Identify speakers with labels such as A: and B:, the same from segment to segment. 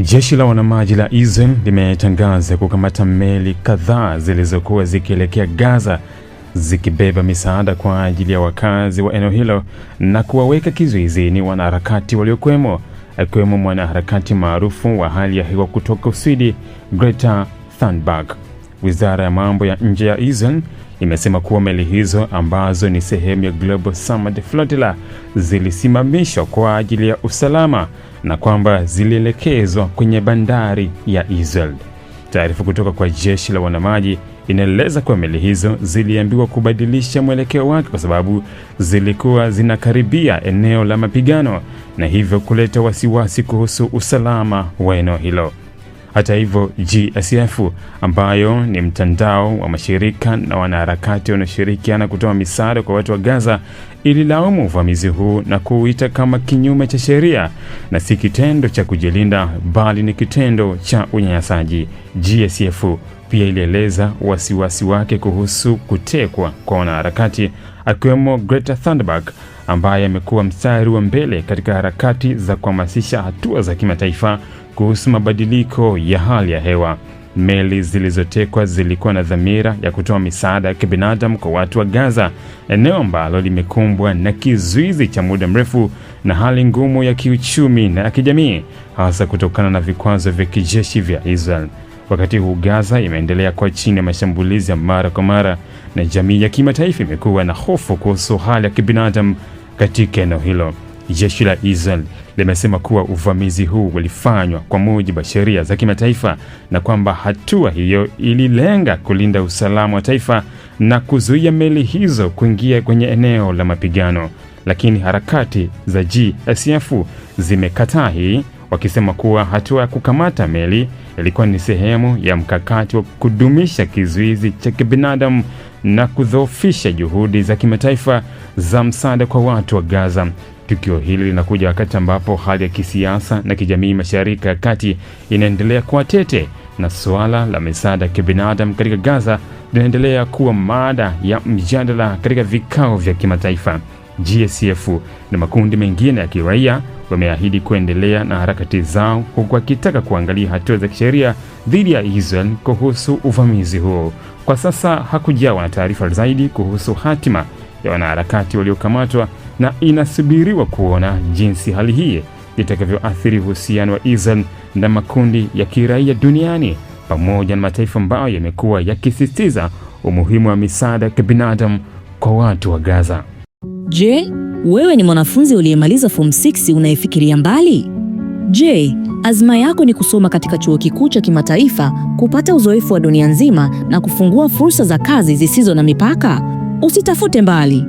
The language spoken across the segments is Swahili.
A: Jeshi la wanamaji la Israel limetangaza kukamata meli kadhaa zilizokuwa zikielekea Gaza zikibeba misaada kwa ajili ya wakazi wa eneo hilo na kuwaweka kizuizini wanaharakati waliokwemo, akiwemo mwanaharakati maarufu wa hali ya hewa kutoka Uswidi, Greta Thunberg. Wizara ya mambo ya nje ya Israel imesema kuwa meli hizo ambazo ni sehemu ya Global Summit Flotilla zilisimamishwa kwa ajili ya usalama na kwamba zilielekezwa kwenye bandari ya Israel. Taarifa kutoka kwa jeshi la wanamaji inaeleza kuwa meli hizo ziliambiwa kubadilisha mwelekeo wake kwa sababu zilikuwa zinakaribia eneo la mapigano na hivyo kuleta wasiwasi kuhusu usalama wa eneo hilo. Hata hivyo, GSF ambayo ni mtandao wa mashirika na wanaharakati wanaoshirikiana kutoa misaada kwa watu wa Gaza ililaumu uvamizi huu na kuuita kama kinyume cha sheria na si kitendo cha kujilinda, bali ni kitendo cha unyanyasaji. GSF pia ilieleza wasiwasi wake kuhusu kutekwa kwa wanaharakati akiwemo Greta Thunberg ambaye amekuwa mstari wa mbele katika harakati za kuhamasisha hatua za kimataifa kuhusu mabadiliko ya hali ya hewa. Meli zilizotekwa zilikuwa na dhamira ya kutoa misaada ya kibinadamu kwa watu wa Gaza, eneo ambalo limekumbwa na kizuizi cha muda mrefu na hali ngumu ya kiuchumi na ya kijamii, hasa kutokana na vikwazo vya kijeshi vya Israel. Wakati huu Gaza imeendelea kuwa chini ya mashambulizi ya mara kwa mara, na jamii ya kimataifa imekuwa na hofu kuhusu hali ya kibinadamu katika eneo hilo. Jeshi la Israel limesema kuwa uvamizi huu ulifanywa kwa mujibu wa sheria za kimataifa na kwamba hatua hiyo ililenga kulinda usalama wa taifa na kuzuia meli hizo kuingia kwenye eneo la mapigano, lakini harakati za GSF zimekataa hii, wakisema kuwa hatua ya kukamata meli ilikuwa ni sehemu ya mkakati wa kudumisha kizuizi cha kibinadamu na kudhoofisha juhudi za kimataifa za msaada kwa watu wa Gaza. Tukio hili linakuja wakati ambapo hali ya kisiasa na kijamii Mashariki ya Kati inaendelea kuwa tete na suala la misaada ya kibinadamu katika Gaza linaendelea kuwa mada ya mjadala katika vikao vya kimataifa. GSF na makundi mengine ya kiraia wameahidi kuendelea na harakati zao huku wakitaka kuangalia hatua za kisheria dhidi ya Israel kuhusu uvamizi huo. Kwa sasa hakujawa na taarifa zaidi kuhusu hatima ya wanaharakati waliokamatwa na inasubiriwa kuona jinsi hali hii itakavyoathiri uhusiano wa Israel na makundi ya kiraia duniani pamoja na mataifa ambayo yamekuwa yakisisitiza umuhimu wa misaada ya kibinadamu kwa watu wa Gaza.
B: Je, wewe ni mwanafunzi uliyemaliza form 6 unayefikiria mbali? Je, azma yako ni kusoma katika chuo kikuu cha kimataifa, kupata uzoefu wa dunia nzima na kufungua fursa za kazi zisizo na mipaka? Usitafute mbali.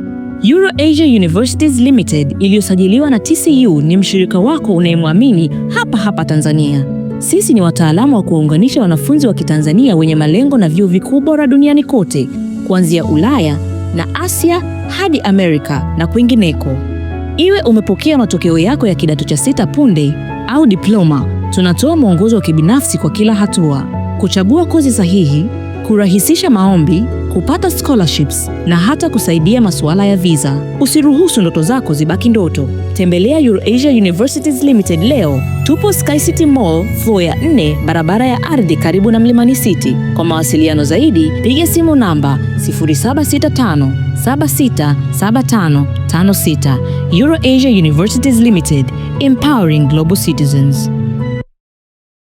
B: EuroAsia Universities Limited iliyosajiliwa na TCU ni mshirika wako unayemwamini hapa hapa Tanzania. Sisi ni wataalamu wa kuwaunganisha wanafunzi wa Kitanzania wenye malengo na vyuo vikuu bora duniani kote, kuanzia Ulaya na Asia hadi Amerika na kwingineko. Iwe umepokea matokeo yako ya kidato cha sita punde au diploma, tunatoa mwongozo wa kibinafsi kwa kila hatua, kuchagua kozi sahihi, kurahisisha maombi kupata scholarships na hata kusaidia masuala ya visa. Usiruhusu ndoto zako zibaki ndoto. Tembelea Eurasia Universities Limited leo. Tupo Sky City Mall floor ya 4 barabara ya ardhi karibu na Mlimani City. Kwa mawasiliano zaidi piga simu namba 0765 7675 56. Eurasia Universities Limited, empowering global citizens.